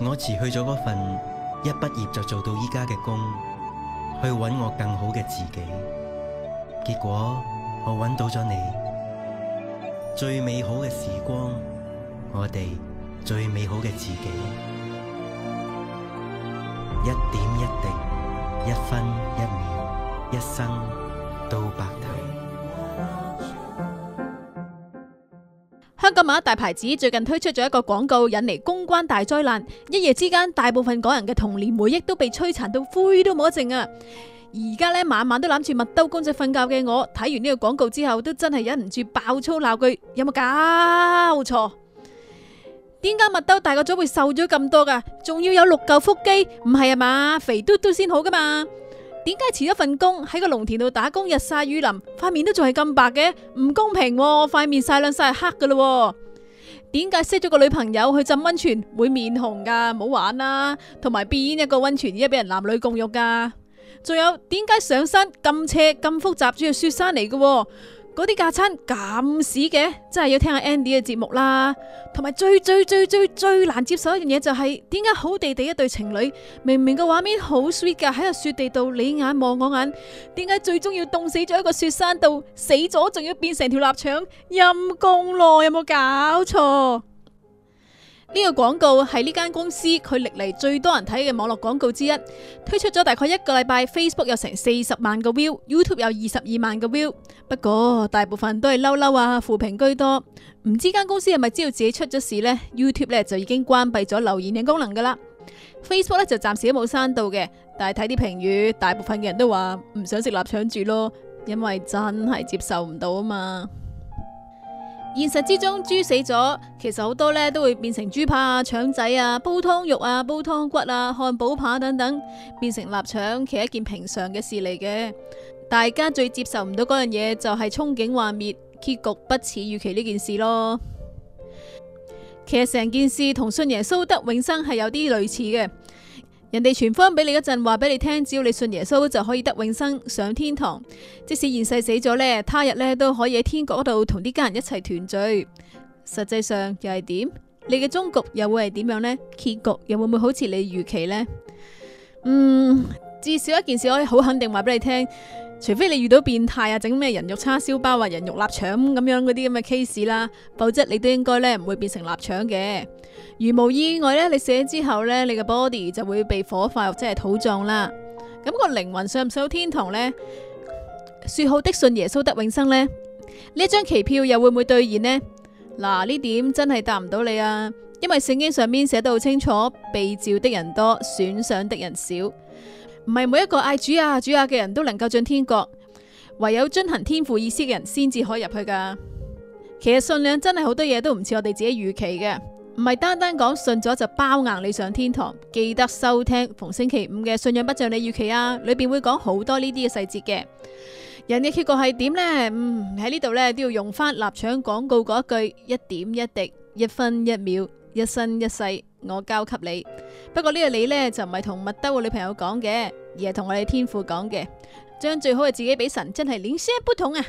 我辭去咗份一畢業就做到依家嘅工，去揾我更好嘅自己。結果我揾到咗你，最美好嘅時光，我哋最美好嘅自己。一點一滴，一分一秒，一生都白頭。今日大牌子最近推出咗一個廣告，引嚟公關大災難。一夜之間，大部分港人嘅童年回憶都被摧殘到灰都冇得剩啊！而家咧晚晚都攬住麥兜公仔瞓覺嘅我，睇完呢個廣告之後，都真係忍唔住爆粗鬧句：有冇搞錯？點解麥兜大個咗會瘦咗咁多噶？仲要有六嚿腹肌，唔係啊嘛，肥嘟嘟先好噶嘛！點解辭咗份工，喺個農田度打工，日曬雨淋，塊面都仲係咁白嘅？唔公平，塊面曬兩曬黑噶咯。點解識咗個女朋友去浸温泉會面紅噶？冇玩啦，同埋邊一個温泉而家俾人男女共浴噶？仲有點解上山咁斜咁複雜，仲係雪山嚟嘅？嗰啲架撐咁屎嘅，真係要聽下 Andy 嘅節目啦。同埋最最最最最難接受一樣嘢就係、是，點解好地地一對情侶，明明個畫面好 sweet 噶，喺個雪地度你眼望我眼，點解最終要凍死咗喺個雪山度？死咗仲要變成條臘腸，陰公咯，有冇搞錯？呢個廣告係呢間公司佢歷嚟最多人睇嘅網絡廣告之一，推出咗大概一個禮拜，Facebook 有成四十萬個 view，YouTube 有二十二萬個 view。不過大部分都係嬲嬲啊負評居多，唔知間公司係咪知道自己出咗事呢？YouTube 咧就已經關閉咗留言嘅功能噶啦，Facebook 咧就暫時都冇刪到嘅，但係睇啲評語，大部分嘅人都話唔想食臘腸住咯，因為真係接受唔到啊嘛。現實之中，豬死咗，其實好多咧都會變成豬扒啊、腸仔啊、煲湯肉啊、煲湯骨啊、漢堡扒等等，變成臘腸，其實一件平常嘅事嚟嘅。大家最接受唔到嗰樣嘢，就係憧憬幻滅，結局不似預期呢件事咯。其實成件事同信耶穌得永生係有啲類似嘅。人哋傳福音俾你嗰陣，話俾你聽，只要你信耶穌就可以得永生，上天堂。即使現世死咗呢，他日呢都可以喺天國度同啲家人一齊團聚。實際上又係點？你嘅終局又會係點樣呢？結局又會唔會好似你預期呢？嗯。至少一件事可以好肯定話俾你聽，除非你遇到變態啊，整咩人肉叉燒包或人肉臘腸咁樣嗰啲咁嘅 case 啦，否則你都應該咧唔會變成臘腸嘅。如無意外咧，你死咗之後咧，你嘅 body 就會被火化或者係土葬啦。咁個靈魂上唔上到天堂呢？說好的信耶穌得永生呢？呢張期票又會唔會兌現呢？嗱呢點真係答唔到你啊！因為聖經上面寫得好清楚，被召的人多，選上的人少，唔係每一個嗌，主啊，主啊嘅人都能夠進天國，唯有遵行天父意思嘅人先至可以入去噶。其實信仰真係好多嘢都唔似我哋自己預期嘅，唔係單單講信咗就包硬你上天堂。記得收聽逢星期五嘅《信仰不像你預期》啊，裏邊會講好多呢啲嘅細節嘅。人嘅結局係點呢？嗯，喺呢度呢，都要用翻立場廣告嗰一句：一點一滴，一分一秒。一生一世，我交給你。不過呢個理呢，就唔係同麥兜嘅女朋友講嘅，而係同我哋天父講嘅，將最好嘅自己俾神，真係臉色不同啊！